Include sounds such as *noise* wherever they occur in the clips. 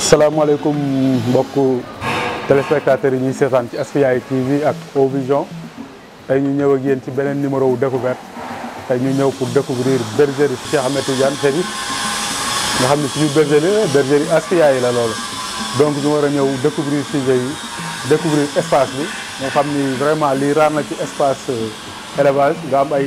asalaamaaleykum mbokk téléspectateurs yi ñuy seetaan ci Asfiyahi TV ak Ovision tey ñu ñëw ak ci beneen numéro wu découverte tey ñu ñëw pour découvrir bergerie Cheikh Ahmed Tidiane Chérif nga xam ne suñu bergerie la bergerie Asfiyahi la loolu donc ñu war a ñëw découvrir sujet yi découvrir espace bi nga xam ni vraiment lii raar na ci espace euh, élevage nga am ay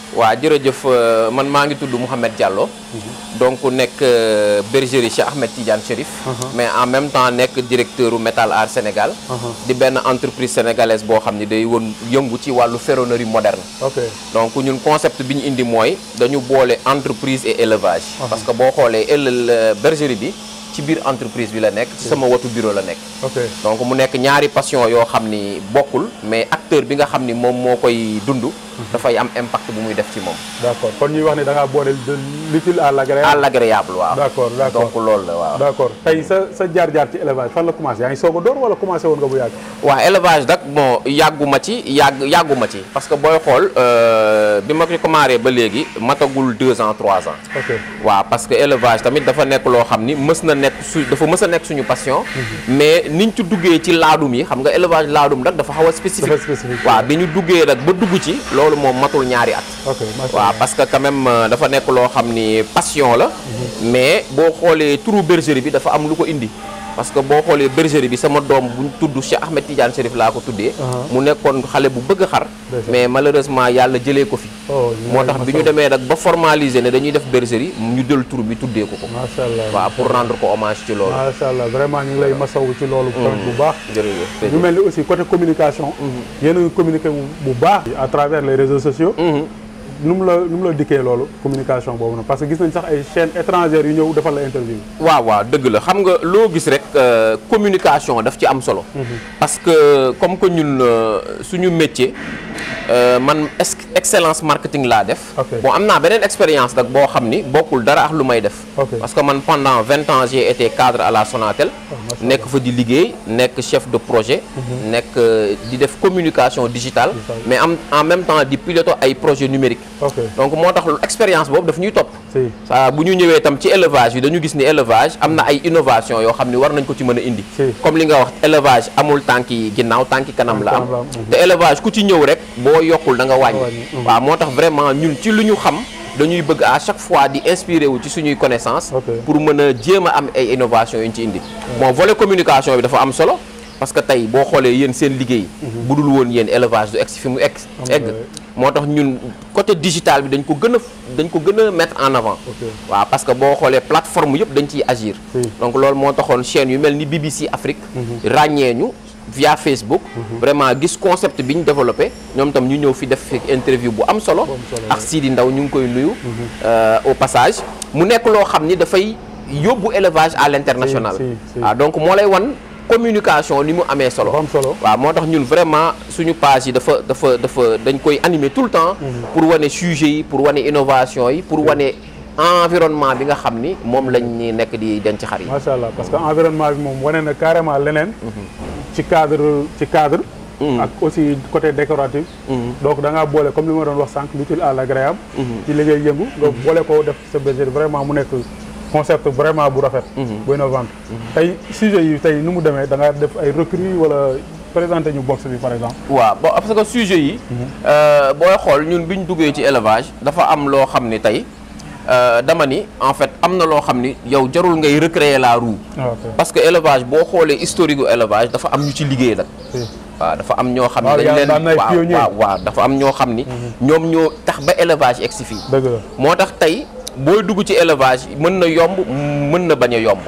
waaw jërëjëf euh, man maa ngi tudd Mouhamed Diallo. Mhm. donc nekk euh, bergerie Cheikh Ahmed Tidiane Chérif. Mhm. mais en même temps nekk directeur u Metal Art Sénégal. Mhm. di benn entreprise sénégalaise boo xam ni day won yëngu ci wàllu ferronnerie moderne. donc ñun concept bi ñu indi mooy dañu boole entreprise et élevage. parce que boo xoolee éle euh, bergerie bi. ci biir entreprise bi la nekk ci sama watu bureau la nekk donc mu nekk ñaari passion yoo xam ni bokkul mais acteur bi nga xam ni moom moo koy dund dafay am impact bu muy def ci mom d'accord kon ñuy wax ni da nga boole de l'utile à l'agréable à l'agréable agréable waaw. d'accord accord donc loolu la waaw. d' accord sa sa jaar-jaar ci élevage fan la commencé yaa sogo soog door wala commencé won nga bu yàgg. wa élevage dak bon yàggu ma ci yàgg yàggu ma ci parce que boy xol euh bi ma ko commencé ba léegi matagul 2 ans 3 ans. ok wa parce que élevage tamit dafa nek lo xamni meus na nek dafa mës nek suñu passion. Mhm. mais niñ ci duggé ci laadum yi xam nga élevage laadum dak dafa xawa spécifique. wa biñu duggé nak ba dugg ci loolu loolu moom matul ñaari at waaw parce que quand euh, dafa nekk loo xam ni passion la mhm. mais boo xoolee turu bergerie bi dafa am lu ko indi parce que boo xoolee bergerie bi sama doom buñ tudd Cheikh Ahmed Tidiane Chérif laa ko tuddee uh-huh. mu nekkoon xale bu bëgg xar mais malheureusement yàlla jëlee ko fi oh, moo tax bi ñu demee rek ba formaliser ne dañuy def bergerie ñu jël tur bi tuddee ko ko macha allah waaw pour rendre ko hommage ci loolu macha allah vraiment ñu ngi lay masawu ci loolu tamit hmm. bu baax jërëjëf ñu mel ni aussi côté communication hmm. yéen a ngi bu baax à travers les réseaux sociaux hmm. nous mu la nu la communication parce que gis nañ sax ay chaînes étrangères yu ñëw defal la interview. waaw waaw dëgg la xam nga loo gis rek euh, communication daf ci am solo. Mhm. parce que comme que ñun euh, suñu métier euh, man excellence marketing laa def. bon am une expérience nag boo xam ni dara ak lu may def. parce que man pendant 20 ans j'ai été cadre à la Sonatel. Oh, nekk fa di liggéey nekk chef de projet. Mhm. nekk di def communication digitale. mais en même temps di piloter ay projets numériques donc moo tax expérience boobu daf ñuy topp ça bu ñu ñëwee itam ci élevage bi dañu gis ni élevage am na ay innovation yoo xam ni war nañ ko ci mën a indi comme li nga wax élevage amul tanki, ginnaaw tànki kanam la am te élevage ku ci ñëw rek boo yokkul da nga wàññi mm-hmm. waaw moo vraiment ñun ci lu ñu xam dañuy bëgg à chaque fois di inspiré wu ci suñuy connaissance pour mën a am ay innovation yu ñu ci indi bon volet communication bi dafa am solo parce que tey boo xoolee yéen seen liggéey mm-hmm. bu dul woon élevage du ex fi mu egg motax ñun côté digital bi dañ ko gëna dañ ko gëna mettre en avant wa parce que bo xolé plateforme yëpp dañ ci agir donc lool mo taxone chaîne yu melni BBC Afrique mhm. ragné ñu via Facebook mhm. vraiment gis concept biñ développé ñom tam ñu ñëw fi def interview bu am solo ak Sidi Ndaw ñu ngi koy nuyu mhm. euh au passage mu nek lo xamni da fay yobbu élevage à l'international ah, donc mo lay won communication ni mu amé solo wa moo tax ñun vraiment suñu page yi dafa dafa dafa dañ koy animer tout le temps mhm. pour wane sujet yi pour wane innovation yi pour wane environnement bi nga xamni ni lañ ñi nek di denc parce que environnement bi mom wane na carrément l'élève mhm. ci cadre ci cadre mhm. ak aussi côté décoratif donc da nga bolé comme li ma doon wax sank l'utile à l'agréable ci est yëngu nga le ko def ce bergerie vraiment mu nek concept vraiment bu rafet. Mhm. boy novembre mhm. tay sujet yi tay numu mu da nga def ay recrues wala présenter ñu box bi par exemple. wa bon parce que sujet yi. Mhm. euh boy xol ñun biñ ñu ci élevage dafa am lo xam tay euh dama ni en fait amna lo loo yow jarul ngay recréer la roue. Ah, parce que élevage bo xolé historique gu élevage dafa am ñu ci liggéey nag. waaw dafa am ñoo xam ne ah, dañ leen waaw waaw dafa am ñoo xam ni. ñoom ñoo tax ba élevage egg si fii. moo tax tey. booy dugg ci élevage mën na yomb mën na bañ a yomb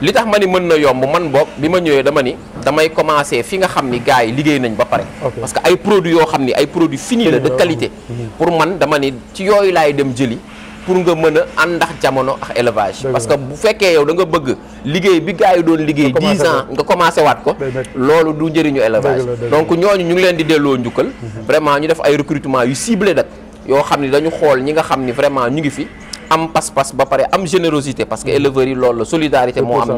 li tax ma ni mën na yomb man boog bi ma ñëwee dama ni damay commencer fi nga xam ni gars yi liggéey nañ ba pare parce que ay produits yoo xam ni ay produits finis la de qualité mhm. pour man dama ni ci yooyu laay dem jëli pour nga mën a àndax jamono ak élevage parce que bu fekkee yow da nga bëgg liggéey bi gars yi doon liggéey dix ans nga commencé waat ko loolu du njëriñu élevage donc ñooñu ñu ngi leen di delloo njukkal mhm. vraiment ñu def ay recrutement yu ciblé nag yoo xam ni dañu xool ñi nga xam ni vraiment ñu ngi fi am pas-pas ba générosité parce que mm-hmm. éleveur yi solidarité mo am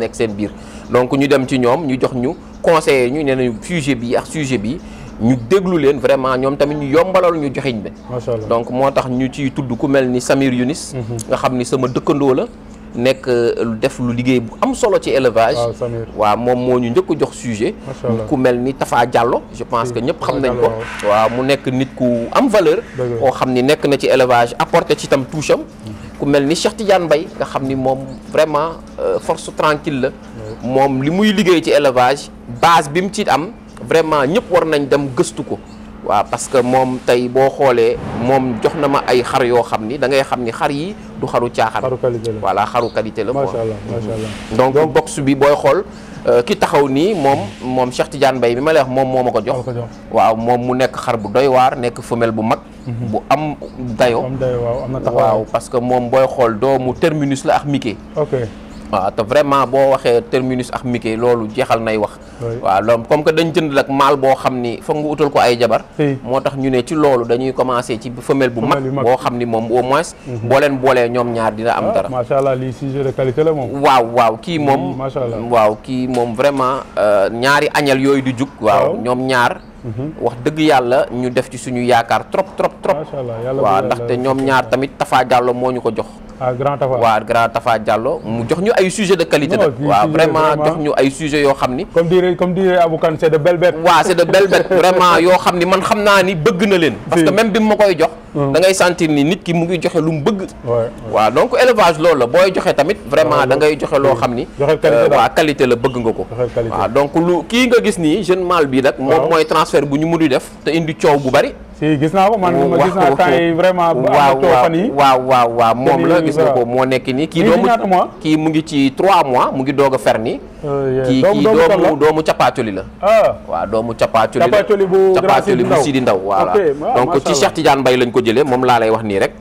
donc ñu dem ci ñom ñu jox ñu conseiller ñu nee nañu sujet bi ak sujet bi ñu déglu len vraiment ñom tamit ñu ñu donc motax ñu ci tudd ku melni Samir Younis mm-hmm. nga xamni sama dekkendo la lu euh, def lu liggéey am solo ci élevage wa mom Nous ñu ñëk jox sujet ku melni Tafa Diallo je pense que ñëpp xam nañ ko wa mu nek nit ku am valeur ko xamni nek na ci élevage apporté ci tam ku mel Cheikh Tidiane Mbaye nga xamni mom vraiment euh, force tranquille la moom li muy liggéey ci élevage base bim ci am vraiment ñëpp war nañ dem gëstu ko Pas parce que tay tey boo xoolee moom jox ma ay xar yo xam ni da ngay xam ni xar yi du xaru caaxaan xaru qualité la voilà xaru qualité la macha allah macha allah mm-hmm. donc box bi mom xool euh, ki taxaw nii mom moom Cheikh Tidiane Mbaye bi ma lay wax jox mu xar bu doy waar femelle bu mag mm-hmm. bu am dayo waaw parce que boy booy do doomu terminus la ak Mickey ok waaw te vraiment boo waxee terminus ak Mickey loolu jeexal nay wax. waaw donc comme que dañ jënd nag maal boo xam ni foog nga utal ko ay jabar. moo tax ñu ne ci loolu dañuy commencé ci femelle bu mag. boo xam ni moom au moins. Mhm. boo leen boolee ñoom ñaar dina am ah, dara. macha allah sujet de qualité la moom. waaw waaw kii mhm, moom. macha waaw kii vraiment euh, ñaari waaw ñoom ñaar. Mhm. wax dëgg yàlla ñu def ci suñu trop trop trop. macha allah yàlla nyar ndaxte ñoom ñaar tamit Tafa Diallo moo ko jox. waa grand Tafa Diallo mu jox ñu ay sujet de qualité Wa, waaw vraiment jox ñu ay sujet yo xamni comme dirait comme dirait Abou c'est de belles bêtes wa c'est de belles bêtes vraiment yo xamni man xamna ni bëgg na leen parce que même bi ma koy jox hmm. da ngay sentir ni nit ki mu ngi joxe lu mu bëgg wa donc élevage lool la boy joxe tamit vraiment da ngay joxe lo xamni wa qualité la bëgg nga ko wa donc lu ki nga gis ni jeune mâle bi nak mom moy transfert bu ñu mënu def te indi ciow bu bari si gis naa ko man oh, gis naa vraiment. waaw waaw waaw moom la gis nga ko moo nekk nii. kii doomu kii mu ngi ci 3 mois mu ngi doog a fer nii. kiki kii doomu doomu capaacoli la waaw doomu capaacoli la capaacoli bu Sidi Ndaw voilà donc ci Cheikh Tidiane Mbaye lañ ko jëlee moom laa lay wax nii rek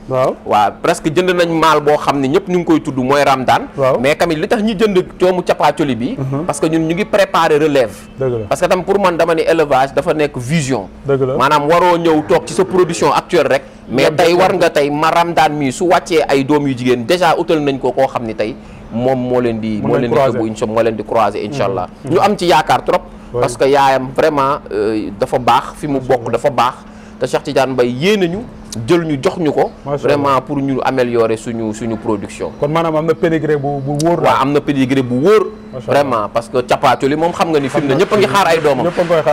wa presque jënd nañ maal boo xam ne ñëpp ñu ngi koy tudd mooy Ramdaan mais tamit li tax ñu jënd doomu bi mhm. parce que ñun ñu ngi préparer relève parce que tam pour man dama élevage dafa vision mana waroo ñëw toog ci sa production actuelle rek mais tey war nga tey ma Ramdaan mii su wàccee ay doom yu jigéen déjà utal nañ ko koo xam mom mo len di mo len di yóbbu incha moo leen di croiser mm-hmm. inshallah mm-hmm. ñu am ci yaakar trop parce que yaayam vraiment euh, dafa bax fi mu bokk dafa bax te Cheikh Tidiane bay yée nañu jël ñu jox ko vraiment pour ñu améliorer suñu suñu production kon maanaam am na pédigré bu bu wóor waaw am na bu wóor vraiment parce que capaacoli moom xam nga ni film na ñëpp a ngi xaar ay doomam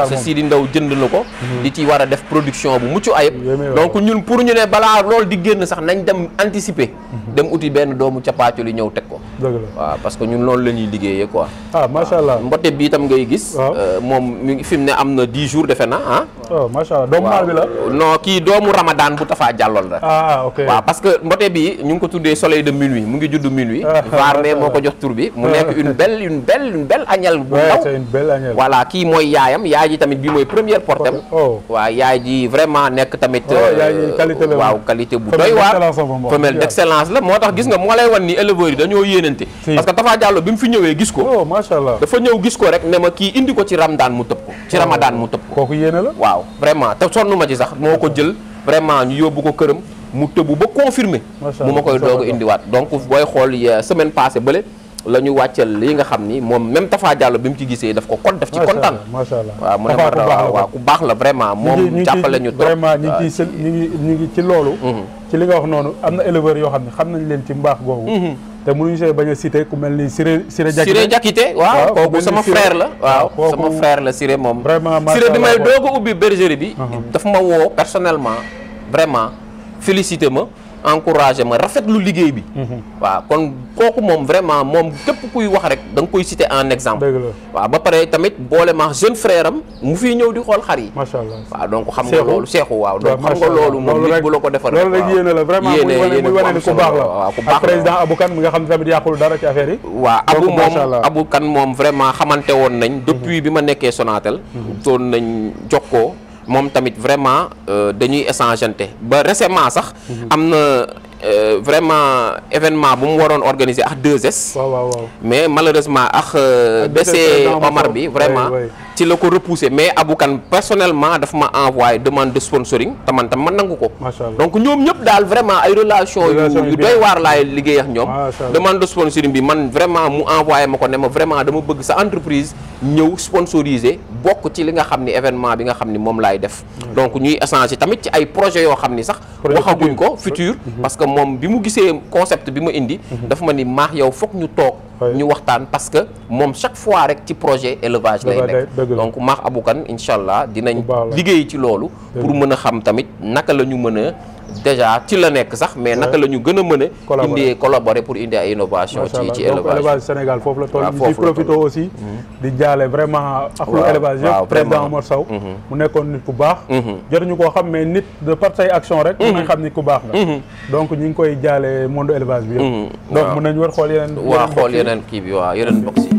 sa Sidi Ndaw jënd na ko mhm. di ci war a def production bu mucc ayib donc ñun pour ñu ne balaa loolu di génn sax nañ dem anticiper mhm. dem uti benn doomu capaacoli ñëw teg ko waaw parce que ñun loolu la ñuy liggéeyee quoi ah macha allah mbote bi itam ngay gis euh, moom mu ngi film ne am na di jours defe na ah oh, macha allah doomu naar bi la non kii doomu Ramadan bu tafaa jàlloon la ah, ah, waaw parce que mbote bi ñu ngi ko tuddee soleil de minuit mu ngi judd minuit ah, Varne moo ko jox une belle une belle agnelle bu c'est une belle agnelle voilà qui mooy yayam yaay tamit bi moy première portem oh. waaw yaay ji vraiment nek tamit euh, waaw qualité bu doy wa femelle d'excellence la motax tax gis nga mo lay wan ni éleveurs yi dañoo parce que Tafa Diallo bimu fi ñëwé gis ko oh machallah dafa ñëw gis ko rek néma ki indi ko ci Ramadan mu tepp ko ci oh. Ramadan mu tepp ko kooku yéene la waaw vraiment te sonuma ma ci sax moko jël vraiment ñu yobbu ko kërëm mu tëbu ba confirmé mu ma koy doog a indiwaat donc boy xol semaine passée bële la ñu wàccal li nga xam ni moom même Tafa Diallo bi mu ci gisee daf ko kon daf ci kontaan macha allah waaw mu ne ma waaw ku baax la vraiment moom jàppale ñu trop vraiment ngi ci loolu mhm. ci li nga wax noonu am na éleveurs yoo xam ne xam nañ leen ci mbaax googu mhm. te mënuñu see bañ a cité ku mel ni Siré Siré Jakite Siré Jakite waaw kooku sama frère la waaw sama frère la Siré moom vraiment Siré bi may doog a ubbi bergerie bi uh-huh. daf ma woo personnellement vraiment félicité ma Encourage, ma lu ligue. bi. Mhm. wa kon mom vraiment mom kuy wax rek dang koy citer en exemple. wa ba pare tamit ma jeune frère am mu fi di xol donc xam nga donc xam nga lolu mom nit bu la ko rek la vraiment ku la président Abou nga xam dara vraiment nañ. Mhm. depuis bima Sonatel. ton mhm. nañ moom tamit vraiment euh, dañuy échangeante ba récemment sax mhm. am na euh, vraiment événement bu mu organiser ak 2S. waaw waaw waaw mais malheureusement ak. Euh, décès euh, Omar bi vraiment. ci la ko repousser mais Aboukan personnellement daf ma envoyer demande de sponsoring te man tam ma nangu ko. donc ñom ñep dal vraiment ay relation yu doy war la liggéey ak ñom demande de sponsoring bi man vraiment mu envoyer mako ko ne ma vraiment dama bëgg sa entreprise ñeu sponsoriser bok ci li nga xamni événement bi nga xamni mom lay def. donc ñuy échanger tamit ci ay projet yo xamni sax. waxaguñ ko futur parce que mom bi mu concept bi mu indi mhm. dafa ma ni max yow foog ñu tok ñu waxtaan parce que mom chaque fois rek ci projet élevage lay nek donc max abukan inshallah dinañ liggéey ci lolu pour mëna xam tamit naka la ñu déjà ci la nekk sax mais naka la ñu gën a mën a indi collaborer pour indi ay innovation ci ci élevage élevage Sénégal foofu la toll di profité aussi mhm. di jaale vraiment ak lu élevage yëpp président Omar Sow mhm. mu nekkoon nit ku baax mhm. ñu koo xam mais nit de par say action rek mën xam nit ku baax na donc ñi ngi koy jaale monde élevage bi yëpp donc mën nañu war xool yeneen xool yeneen kii bi waaw yeneen box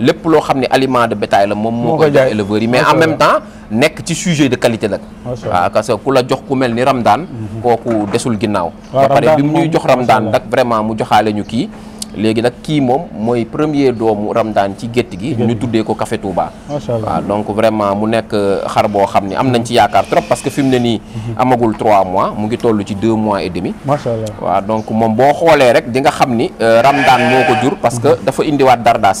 lépp lo xam aliment de bétail la mom moko jox éleveur yi mais en même temps nek ci sujet de qualité nak waaw ah, parce que ku la jox ku melni ni ramdaan mhm. kooku ginnaw ginnaaw ba pare bi ñuy jox ramdaan nak vraiment mu joxaale ñu ki légui nak ki mom moy premier doomu ramdaan ci gétt gi ñu tuddé ko Café Touba wa donc vraiment mu nek euh, xar bo xam ne am nañ ci yaakar trop parce que fi mu ne mhm. amagul 3 mois mu ngi tollu ci 2 mois et demi macha allah donc mom bo xolé rek di nga xam ni euh, moko moo jur parce que mhm. dafa indi indiwaat dardaas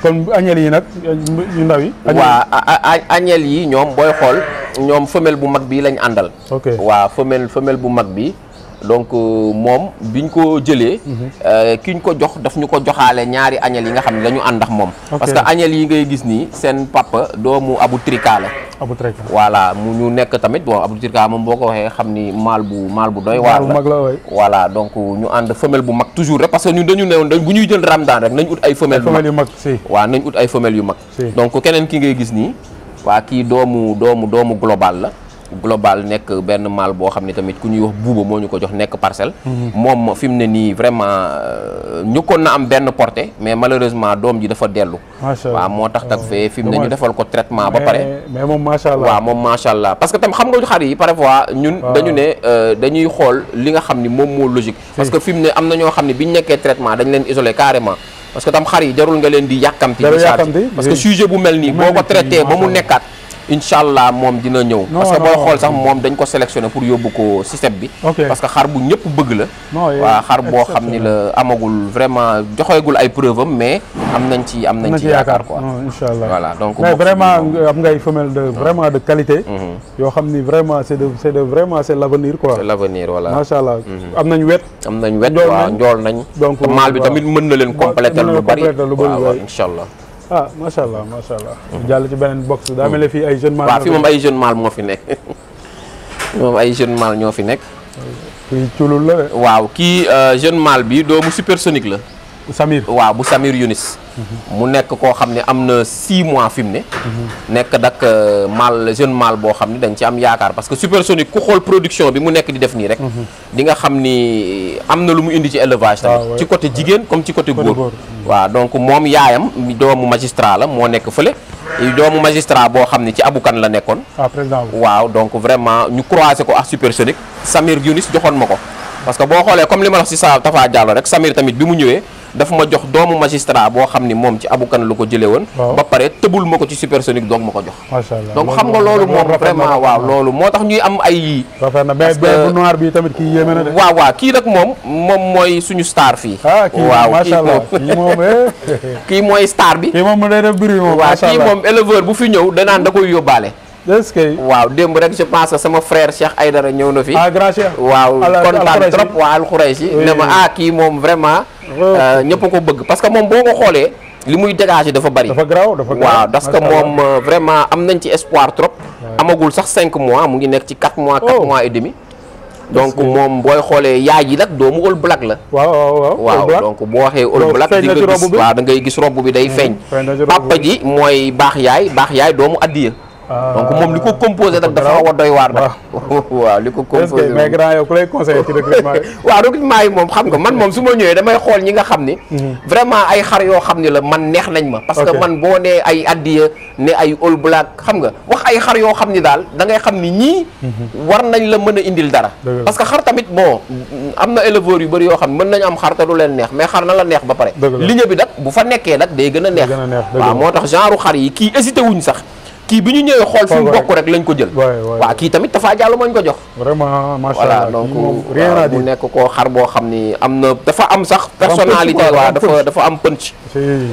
kon añel yi nag yu ndaw yi. waa añel yi ñoom booy xool ñoom femelle bu mag bi lañ àndal. ok waa femelle femelle bu mag bi. donc euh, moom biñ ko jëlee. Mhm. Euh, ki ñu ko jox dafa ñu ko joxaale ñaari añel yi nga xam ne dañu ànd ak moom. parce que añel yi ngay gis nii seen papa doomu abu trika la. voilà mu ñu nekk tamit bon Aboutir Ka moom boo ko waxee xam ni maal bu maal bu doy waar la voilà donc ñu ànd femelle bu mag toujours rek parce que ñun dañu newoon dañ bu ñuy jël ramadan rek nañ ut ay femelle yu mag waaw nañ ut ay femelle yu mag donc keneen ki ngay gis nii waa kii doomu doomu doomu global la global nekk benn maal boo xam ne tamit ku ñuy wax buuba moo ñu ko jox nekk parcelle. moom fi ne nii vraiment ñëkkoon euh, na am benn portée mais malheureusement doom ji dafa dellu. waaw moo tax tak fee fi ne ñu defal ko traitement ba pare. mais moom macha allah allah parce que tam xar yi parfois ñun dañu ne euh, dañuy xool li nga xam ni moom moo logique. parce que fi ne am na ñoo xam ne bi ñu nekkee traitement dañ leen isolé carrément. parce que tam xar yi jarul nga incha allah moom dina ñëw. parce que booy xool sax moom dañ ko sélectionné pour yóbbu ko système bi. parce que xar bu ñëpp bëgg la. waa xar boo xam ni la amagul joxeegul ay preuve am nañ ci nañ ci yaakaar quoi. incha allah voilà donc. mais vraiment am mhm. yoo xam ni vraiment c' est de c' est de vraiment c' est l' avenir quoi. c' est l' avenir voilà macha mhm. njool nañ. maal bi tamit mën na leen compléter lu bari. waaw ah macha allah macha allah. jàll ci beneen box daa mel ne fii ay jeune mâle. waaw fii moom ay jeune mâle moo fi nekk *laughs* moom ay jeune mâle ñoo fi nekk. kii culul la waaw kii euh, jeune mâle bi doomu supersonique la. Samir waaw bu Samir Yunis. mu nek ko xam amna 6 mois fi nek dak euh, mal jeune mal bo xam ne dañ ci am yaakar parce que supersonique ku xol production bi mu nek di def ni rek. di nga xamni amna lu mu indi ci élevage tamit. Ah, ci côté jigen comme ci côté góor. wa donc mom yaayam doomu magistrat la moo nekk fële. doomu magistrat boo xam ci abukan la nekkoon. ah président waaw donc vraiment ñu croisé ko ak supersonique. Samir Younis joxoon mako parce que bo xolé comme li ma wax ci sa Tafa Diallo rek Samir tamit bimu mu dafa ma jox doomu magistrat boo xam ni moom ci abukan lu ko jëlee woon ba pare tëbul ma ko ci supersonique doog ma ko jox macha allah donc xam nga loolu moom vraiment waaw loolu moo tax ñuy am ay yii rafet na mais bu noir bi tamit kii waaw waaw kii nag moom moom mooy suñu star fii waaw macha allah kii moom eh. *laughs* kii mooy star bi kii moom day def bruit moom moom éleveur bu fi ñëw danaan da koy yóbbaale Wow, ce que waaw démb rek je pense sama frère Cheikh Aydara ñëw na fi. ah grand Cheikh waaw kontaan trop waa alxuraysi ne ma ah kii moom vraiment. Euh, ñëpp ko bëgg parce que moom boo ko xoolee. li muy dégager dafa bari dafa garaaw dafa garaaw waaw parce que moom euh, vraiment am nañ ci espoir trop. amagul sax 5 mois mu ngi nekk ci 4 mois 4 mois et demi. donc moom booy xoolee yaay ji nag doomu all black la. waaw waaw waaw donc boo waxee all black di nga gis waaw da ngay gis robb bi day hmm, feeñ. papa ji mooy baax yaay baax yaay doomu addiya. Euh, donc moom li ko composé nag dafa xaw a doy waar nag waaw *laughs* li ko composé mais grand yow ku lay *laughs* yi moom xam nga man moom su ma ñëwee damay xool ñi nga xam ni mhm. vraiment ay xar yoo xam ni la man neex nañ ma parce que man boo nee ay addiya ne ay all xam nga wax ay xar yoo xam ni daal da ngay xam ni ñii mhm. war nañ la mën a indil dara parce que xar tamit bon am na éleveurs yu bëri yoo xam ne mën nañ am xar te du leen neex mais xar na la neex ba pare ligne bi nag bu fa nekkee nag day gën a neex waaw moo tax genre xar yi kii hésité wuñ sax kii bi ñu ñëwee xool fi mu bokk rek lañ ko jël waaw kii tamit Tafa Diallo mooñ ko jox vraiment macha allah voilà donc mu nekk koo xar boo xam ni am dafa am sax personnalité waaw dafa dafa am punch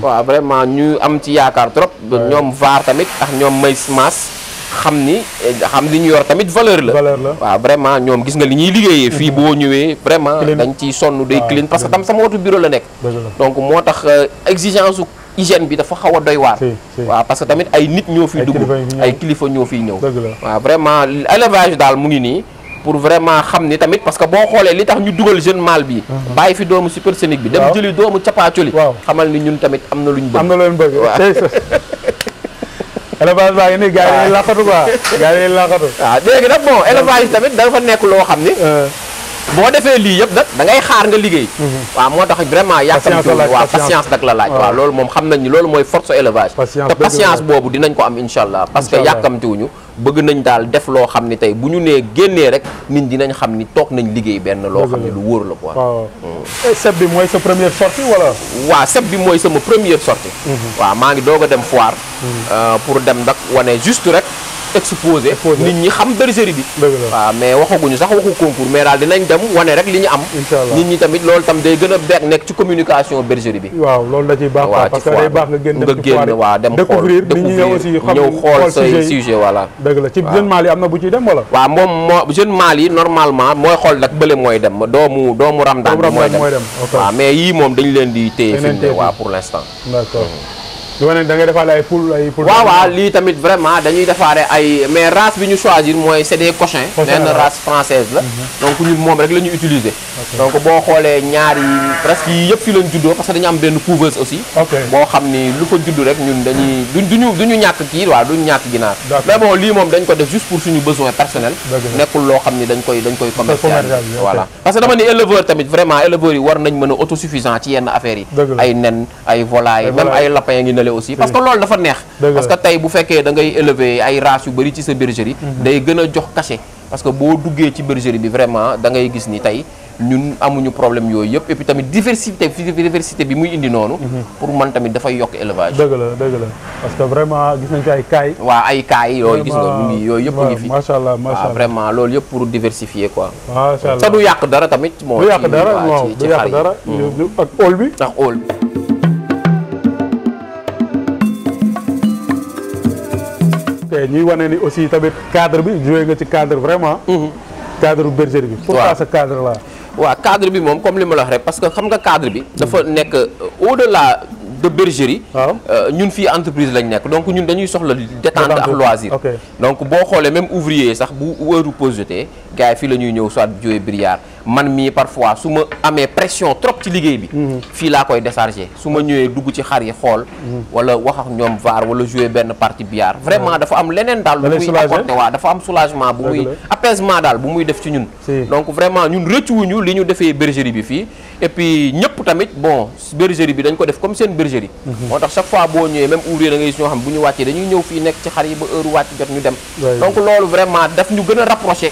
waaw vraiment ñu am ci yaakaar trop ñoom VAR tamit ak ñoom may maas xam ni xam li ñu yor tamit valeur la valeur la waaw vraiment ñoom gis nga li ñuy liggéeyee fii mhm. boo ñëwee vraiment dañ ciy sonn day clean parce que tam sama wotu bureau la nekk donc moo tax euh, exigence hygiène bi dafa xaw a doy waar waaw parce que tamit ay nit ñoo fiy dugg ay kilifa ñoo fiy ñëw waaw vraiment élevage daal mu ngi nii pour vraiment xam ni tamit parce que boo xoolee li tax ñu dugal jeune mal bi mhm. bàyyi fi doomu supersonique bi dem jëli doomu capaacoli xamal ni ñun tamit am na lu ñu bëgg am na bëgg *laughs* élevage baa ngi nii gars yi laqatu quoi *laughs* gars yi laqatu. waaw ah, léegi nag bon élevage tamit dafa nekk loo xam ni. Euh. boo defee lii yëpp nag da ngay xaar nga liggéey mhm. waaw moo tax vraiment yàkkamti waaw patience dak la laaj waaw loolu moom xam nañ ni loolu mooy force élevage te patience boobu dinañ ko am incha allah parce que yàkkamtiwuñu bëgg nañ daal def loo xam ni tey bu ñu nee génnee rek nit dinañ xam ni toog nañ liggéey benn loo xam ne lu wóor la quoi mm. seb bi mooy sa première sortie wala waaw bi mooy sama première sortie mhm. waaw maa ngi doog a dem foire mhm. euh, pour dem n wane juste rek exposé nit ñi xam bergerie bi waaw mais waxaguñu sax waxu concours mais daal dinañ dem wane rek li ñu am nit ñi tamit lool tam day gën a beek nekk ci communication bergerie bi waaw loolu da ciy baax parce que day baax nga génn nga génn dem xool découvrir ñëw xool say sujet voilà dëgg bu ciy dem moom moo jeune mal yi normalement mooy xool nag bële mooy dem doomu doomu ramdaan bi mooy dem waaw mais yii moom dañ leen di téye fi waaw pour l'instant da ngay defaale ay poule ay poule. waaw waaw lii tamit vraiment dañuy defaare ay mais race bi ñu choisir moy c'est des cochins. benn race française la. Mhm. donc ñun mom rek lañu utiliser. donc bo xolé ñaar yi presque yépp fi lañu juddoo parce que dañu am ben couveuse aussi. bo xamni lu ko judd rek ñun dañuy duñu duñu ñak ki wa duñu ñàkk ginaar. mais bon li mom dañ ko def juste pour suñu besoin personnel. nekkul lo xamni dañ koy dañ koy commercial voilà parce que dama ni éleveur tamit vraiment éleveur yi war nañ mëna autosuffisant ci yenn affaire yi. ay nen ay volaille même ay lapin ngi élever aussi parce que loolu dafa neex parce que tay bu fekkee da ngay élever ay race yu bari ci sa bergerie mhm. day gën jox cachet parce que bo duggee ci bergerie bi vraiment da ngay gis ni tay ñun amuñu problème yooyu yëpp et puis tamit diversité diversité bi muy indi nonu mhm. pour man tamit da fay yok élevage deug la deug la parce que vraiment gis nañ ci ay kay wa ay kay yooyu gis nga ñi ngi yooyu ngi fi macha allah macha allah vraiment lool yëpp pour diversifier quoi ma sha allah ça du yak dara tamit moo du yak dara du yàq dara hmm. ak óol bi ak óol bi nous wane aussi un cadre bi cadre vraiment. Mhm. cadre bergerie pourquoi ce cadre là. cadre comme parce que cadre euh, au delà de bergerie. nous euh, ñun une entreprise donc nous détente loisir. donc les même ouvrier gars fi fii la ñuy ñëw soit jóoy Briard man mi parfois suma amé pression trop ci liggéey bi mhm. fi la koy décharger suma ñëwé dugg ci xar yi xol mhm. wala wax ak ñom var wala jouer ben partie billard vraiment dafa am leneen dal bu muy apporté waaw dafa am soulagement bu muy apaisement dal bu muy def ci ñun donc vraiment ñun rëccuwuñu li ñu défé bergerie bi fi et puis ñëpp tamit bon bergerie bi dañ ko def comme sen bergerie mhm. motax chaque fois bo ñëwee même ouvrier da ngay gis xam bu ñu wàccee dañuy ñëw fi nek ci xar yi ba heure wàcc jot ñu dem donc lolu vraiment daf ñu gëna a rapproché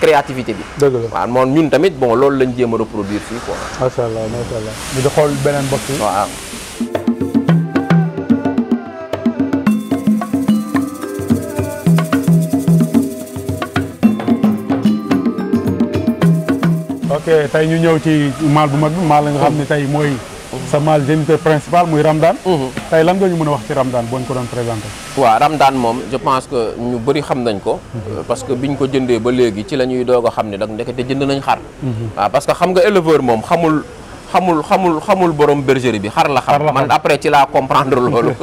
créativité bi. dëgg la waaw moom ñun tamit bon loolu lañ jéem a reproduire fii quoi. macha allah di xool beneen box bi. waaw. ok tey ñu ñëw ci maal bu mag bi maal la nga xam ne tey mooy. sa mal géniteur principal muy Ramdan. Mhm. tey lan nga a wax ci Ramdan boo ñu ko doon présenté. waaw Ramdan moom je pense que ñu bëri xam nañ ko. Mhm. Euh, parce que biñ ko jëndee ba léegi ci la ñuy doog a xam ne nag jënd nañ xar. Mhm. waaw parce que xam nga éleveur moom xamul. xamul xamul xamul borom bergerie bi xar la xam man après ci laa comprendre loolu *laughs*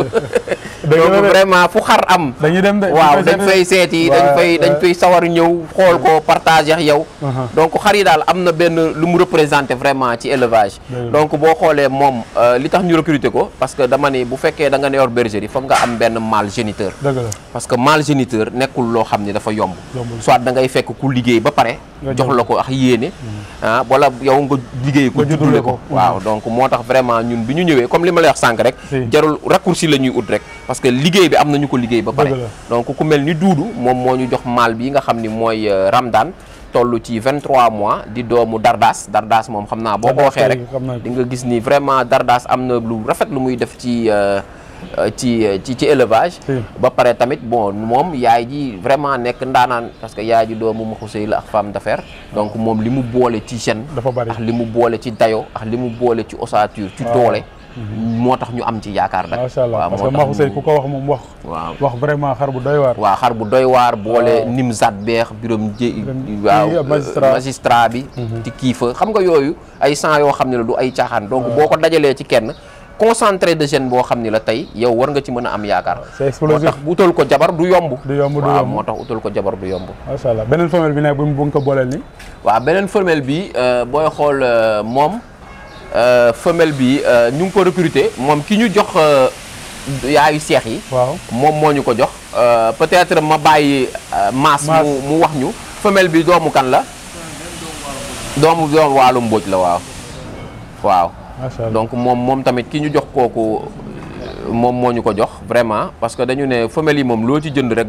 *laughs* donc vraiment fu xar am dañuy dem de waaw dañ fay seeti dañ fay dañ fay sawar ñëw xool ko partage ak yow uh-huh. donc xar yi daal am na benn lu mu représenté vraiment ci élevage donc boo xoolee moom euh, li tax ñu recruter ko parce que dama ni bu fekkee da nga ne yor bergerie foog nga am benn mâle géniteur parce que mâle géniteur nekkul loo xam ne dafa yomb soit da ngay fekk ku liggéey ba pare jox la ko ak yéene mm. ah, liggéey ko ko waaw donc motax vraiment ñun biñu ñëwé comme lima lay wax sank rek jarul raccourci lañuy oud rek parce que liguey bi amna ñuko liguey ba pare donc ku melni doudou mom moñu jox mal bi nga xamni moy mooy euh, Ramdan ci 23 mois di doomu Dardas Dardas mom xamna boko waxé rek di nga gis ni vraiment Dardas amna lu rafet lu muy def ci euh, Euh, ci euh, ci ci élevage. ba pare tamit bon moom yaay ji vraiment nekk ndaanaan parce que yaay ji doomu ma xusey la ak femme d'affaires donc moom li mu boole ci jeune. dafa bari ak li mu boole ci dayo ak li mu boole ci ossature. ci ah. doole. Mhm. moo tax ñu am ci yaakaar nag. macha allah parce que Maxu Sey ku ko wax moom wax. xar bu doy waar. waaw xar bu doy waar boole Nimzat beex birom jé. waaw euh, magistrat bi. ci mhm. kii fa xam nga yooyu ay sang yoo xam ne la du ay caaxaan donc ah. boo ko dajalee ci kenn. concentré de jeunes boo xam ni la tey yow war nga ci mën a am yaakaar. c'est explosif moo tax utal ko jabar du yomb. du moo tax utal ko jabar du yomb. macha allah beneen femelle bi nag bu mu ko booleel nii. waaw beneen femelle bi euh, booy xool euh, moom euh, femelle bi ñu ngi ko recruter moom ki ñu jox yaayu seex yi. waaw moom moo ñu ko jox. peut-être ma bàyyi. maas mu wax ñu. femelle bi doomu kan la. doomu doomu wàllu mbóoj la waaw. donc moom moom tamit ki ñu jox kooku mom moñu ko vraiment parce que dañu né femelle yi ci jënd rek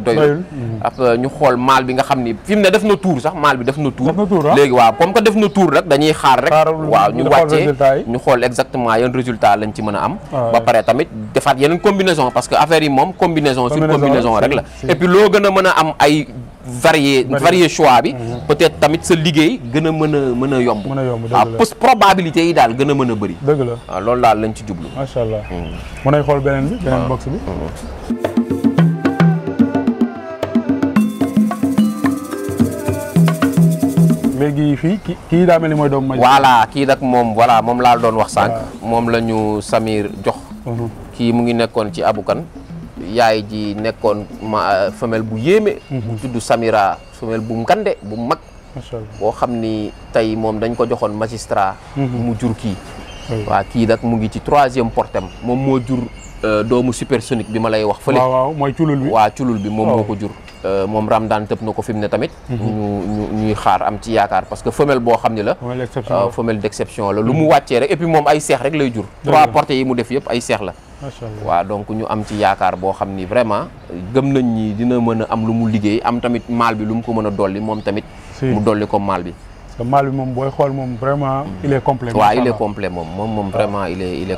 après ñu xol mal bi nga ni né def na tour sax mal bi def na tour ah. légui waaw comme que def na tour rek dañuy xaar rek ñu ñu exactement yeen résultat lañ ci mëna am ah, ba paré tamit combinaison parce que affaire combinaison sur combinaison et puis lo a varié varié choix bi mhm. peut-être tamit probabilité yi dal bëri la ah, beneen bi beneen box bi. Ah. léegi fii kii kii daa mel ni mooy doomu Madiaye. voilà kii nag moom voilà doon wax sànq. moom la Samir jox. Mhm. kii mu ngi nekkoon ci abukan yaay ji nekkoon ma femelle bu yéeme. Mhm. tudd Samira femelle bu ngande bu mag. boo xam ni tey moom dañ ko joxoon magistrat. Mhm. mu jur kii. waa kii nag mu ngi ci troisième portem moom moo jur Euh, doomu supersonique bi ma lay wax. fële waaw mooy culul bi waaw culul moom moo ko jur. Euh, moom daan tëb na ko fi mu ne tamit. Mhm. ñu ñuy xaar am ci yaakaar parce que femelle boo xam ni la. Euh, femelle d'exception la lu mu wàccee rek et puis moom ay seex rek lay jur. trois portées yi mu def yëpp ay seex la. macha allah waaw donc ñu am ci yaakaar boo xam ni vraiment gëm nañ ni dina mën a am lu mu liggéey am tamit maal bi lu mu ko mën a dolli moom tamit. mu dolli ko maal bi. parce maal bi moom booy xool moom vraiment. Mm. il est complet moom moom vraiment il est il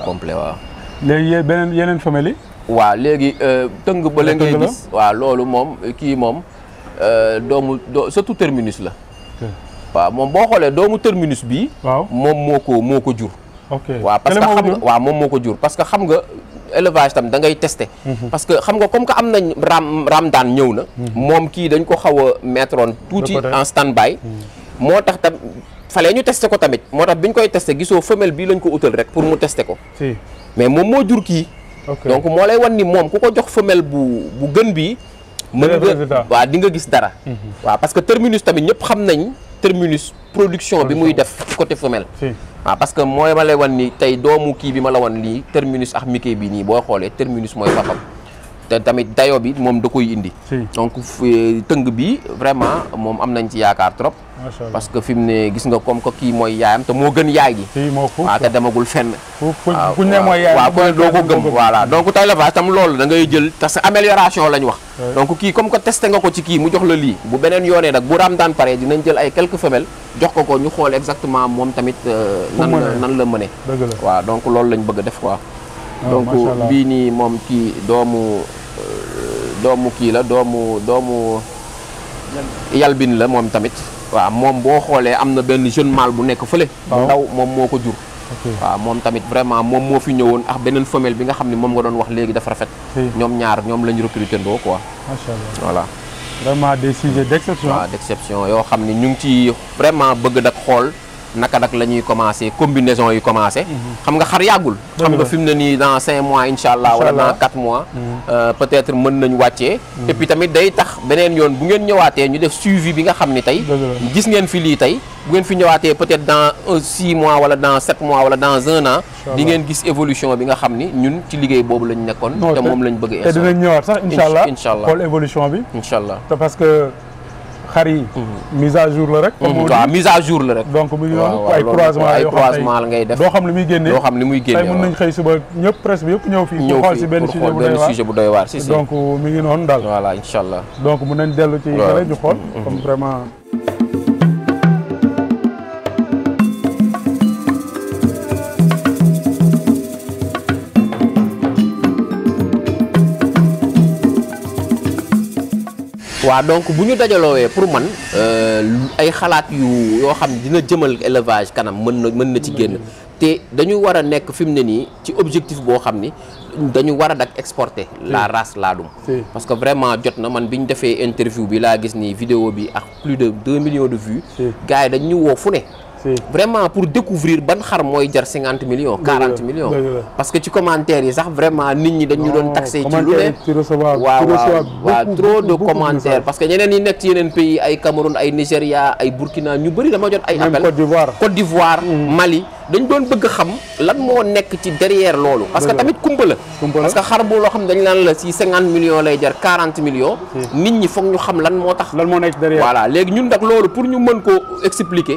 léegi yéen beneen yeneen famille. waaw léegi euh, tëng ba la ngay waa loolu moom kii moom euh, doomu doo surtout terminus la. waaw moom boo xoolee doomu terminus bii. waaw moom moo ko moo ko jur. waa waaw parce que xam nga waa moom moo ko jur parce que xam nga élevage tam da ngay testé. Mhm. parce que xam nga comme que am nañ ram ramdaan ñëw na. Mhm. moom kii dañ ko xaw a mettre tuuti en stand by. Mhm. moo tax tam. fallait nous tester ko tamit moo tax bi koy tester qui femelle femelles lañ ko utal rek pour mu tester ko. mais mon mot jur kii. donc moi lay wan ni moom ku ko femelle bu bu gën bii. mën nga waaw di nga gis dara. Mhm. waaw parce que terminus tamit ñëpp xam nañ terminus production bi muy def côté femelle. parce que moi ma lay wan ni tey doomu kii bi ma la wan terminus ak Mickey bi nii quoi les terminus moi papam te tamit dayo bi moom da koy indi. donc tëng bi vraiment moom am nañ ci yaakaar trop. parce que fi mu ne gis nga comme que kii mooy yaayam te moo gën yaay gi. waaw te demagul fenn. ku ne mooy yaayam waaw kon doo ko donc tey la vache tam loolu da ngay jël parce que amélioration lañu wax. donc kii comme que teste nga ko ci kii mu jox la lii bu beneen yoonee nag bu ramadan pare dinañ jël ay quelques femelles jox ko ko ñu xool exactement moom tamit. Euh, nan la la mëne. dëgg la waaw donc loolu lañ bëgg def ko ah, donc bii nii moom doomu kii la doomu doomu yalbin la moom tamit waaw moom boo xoolee am na benn jeune mâle bu nekk fële ndaw moom moo ko jur waaw moom tamit vraiment moom moo fi ñëwoon ak beneen femelle bi nga xam ne moom nga doon wax léegi dafa rafet ñoom ñaar ñoom lañu recruté ndoo quoi macha allah voilà vraiment des sujets d'exception waaw d'exception yoo xam ni ñu ngi ci vraiment bëgg nag xool naka nag la commencé combinaison yu commencé. Mhm. xam nga xar yagul xam nga avons dans 5 mois inshallah, dans quatre mois. Mhm. Euh, peut-être meun nañ faire. et puis tamit day tax benen yoon bu ngeen ñëwaaté ñu def suivi bi nga nous. gis ngeen fi peut-être dans six mois wala dans mois wala dans un an. di ngeen gis évolution bi nga xamni ñun ci liggéey nous lañ te mom lañ évolution bi. Inshallah. parce que. xar yi. Mhm. mise à jour la rek. Mhm. waaw mise à jour la rek. donc mu ngi noonu ay croisement ay croisement la ngay def doo xam li muy génnee doo xam li muy génnee mën nañ xëy suba ñëpp presse bi yëpp ñëw fii. ñëw fii pour xool benn sujet bu doy waar si si donc euh, mi ngi noonu daal. voilà incha allah donc mun nañ dellu ci. waaw ñu xool mhm. comme vraiment. waaw donc bu ñu dajaloowee pour man euh, ay xalaat yu yoo xam ne dina jëmal élevage kanam mën na mën na ci génn te dañu war a nekk fi mu ne nii ci objectif boo xam ni dañu war a dak exporter la race laadum parce que vraiment jot na man bi ñu defee interview bi laa gis ni video bi ak plus de deux millions de vues gars yi dañu woo fu ne vraiment pour découvrir ban xar mooy jar cinquante millions quarante millions parce que ci commentaire yi sax vraiment nit ñi dañu doon taxé ci lu ne waaw waaw trop de commentaires parce que ñeneen yi nekk ci yeneen pays ay Cameroun ay Nigeria ay Burkina ñu bari dama jot ay appel Côte d'Ivoire mm. Mali dañ doon bëgg xam lan mo nekk ci derrière lolu parce que tamit kumpa la parce que xar bu lo xam dañ lan la ci 50 millions lay jar 40 millions mm. nit ñi fokk ñu xam lan mo tax lan mo nekk derrière voilà légui ñun nag lolu pour ñu mën ko expliquer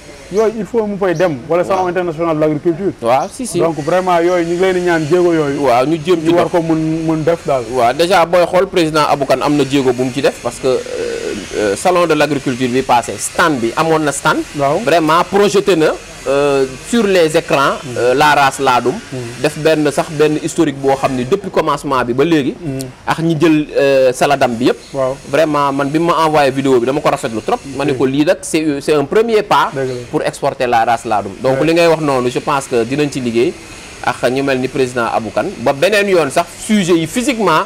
il faut mu fay dem. wala salon international de l'agriculture agriculture. si si donc vraiment yoy ñu ngi leen ñaan jéego yoy wa ñu jéem ci war ko mun def dal wa déjà boy xol président Aboukan amna na bu mu ci def parce que euh, euh, salon de l'agriculture agriculture bi passé stand bi amone na stand. vraiment projeté na. Euh, sur les écrans mm. euh, la race l'adum mm. def ben sax ben historique bo xamni depuis commencement bi ba légui mm. ak ñi jël euh, saladam bi yépp vraiment man bima envoyé vidéo bi dama ko rafetlu trop ma ne ko lii nag c'est c'est un premier pas pour exporter la race l'adum donc li ngay wax noonu je pense que dinañ ci liggéey ak ñu melni ni président aboukan ba benen yoon sax sujet yi physiquement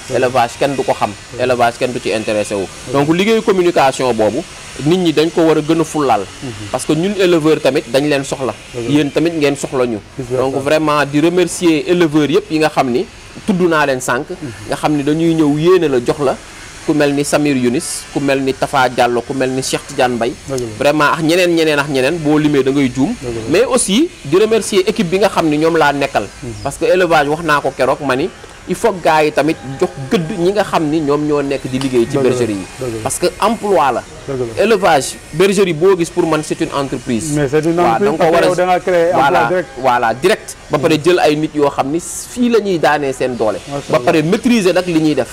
élevage kenn du ko xam élevage kenn du ci intéressé wu donc liggéeyu communication boobu nit ñi dañ ko war a fulal mhm. parce que ñun éleveur tamit dañ leen soxla yéen tamit ngeen soxla ñu donc vraiment di remercier éleveur yëpp yi nga xam ni leen sànq nga xam ni dañuy ñëw yéene la jox la ku mel ni Samir Yunis ku mel ni Tafa Diallo ku mel ni Cheikh Tidiane Mbaye vraiment ak ah, ñeneen ñeneen ak ah, ñeneen boo limee da ngay juum mais aussi di remercier équipe bi nga xam ni ñoom laa nekkal mhm. parce que élevage wax ko keroog ma il faut gars yi tamit jox gëdd ñi nga xam ni ñoom ñoo nekk di liggéey ci bergerie yi parce que emploi la élevage bergerie boo gis pour man c'est une entreprise waaw da nga ko a créer voilà voilà direct ba pare jël ay nit yoo xam ni fii la ñuy daanee seen doole ba pare maîtriser nag li ñuy def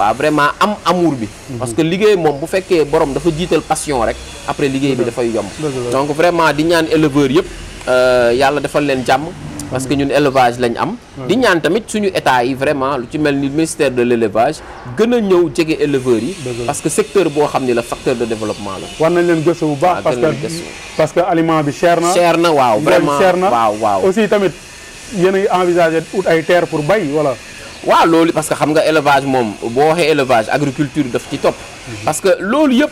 waaw vraiment am amour bi mhm. parce que liggéey moom bu fekkee borom dafa jiital passion rek après liggéey bi dafay yomb donc vraiment di ñaan éleveurs yëpp euh, yàlla defal leen jàmm parce que ñun élevage lañ am. di ñaan tamit suñu état yi vraiment lu ci melni ministère de l'élevage, gëna ñëw jégué éleveur yi. parce que secteur bo xamni le la facteur de développement la. war nañ leen gëstu bu baax. parce que parce que aliment bi cher na. cher na waaw vraiment waaw waaw aussi tamit yéen a out ay terre pour bay voilà. waaw loolu parce que xam nga élevage mom bo waxee élevage agriculture daf ci top mhm. parce que loolu yépp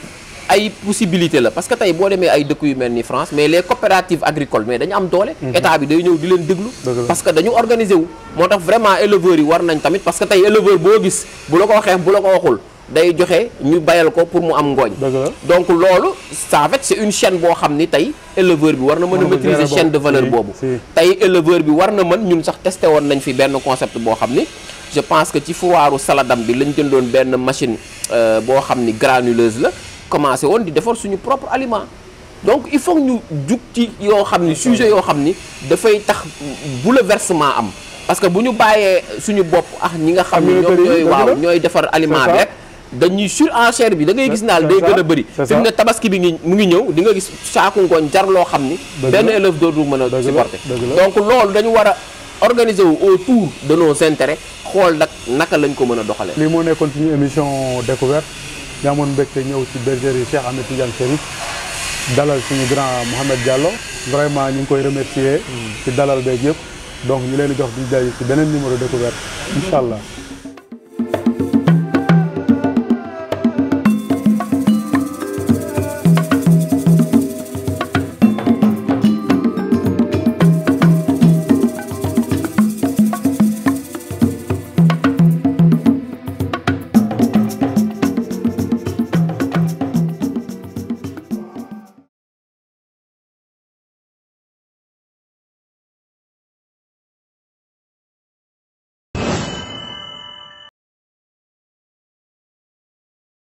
ay possibilité la parce que tay bo démé ay dëkk yu mel France mais les coopératives agricoles mais dañu am doolé mhm. état bi day ñëw di leen déglu parce que dañu organisé wu moo vraiment éleveur yi war nañ tamit parce que tay éleveur bo gis bu la ko waxee bu la ko waxul day joxé ñu bayal ko pour mu am ngooñ donc lolu ça fait c'est une chaîne bo xamni ni éleveur bi war na mën maîtriser chaîne de valeur bobu tay éleveur bi war na mën ñun sax testé won nañ fi ben concept bo xamni ni je pense que ci foiru saladam bi lañ jëndoon ben machine euh bo ni granuleuse la commencé à di defar propre aliment donc il faut nous nous ci yoo sujet de faire des bouleversement parce que bu ñu payez suñu bopp ah ñi nga sur enchère bi da ngay gis naal day gëna bëri tabaski bi ngi mu ngi élève donc lool dañu organiser autour de nos intérêts xol nak naka lañ ko émission découverte ñu amoon mbégte ñëw ci bergerie Cheikh Ahmed Tidiane Chérif dalal suñu grand Mouhamed Diallo vraiment ñu ngi koy remercier mm. ci dalal beeg yëpp donc ñu leen di jox di jaay ci beneen numéro découverte incha allah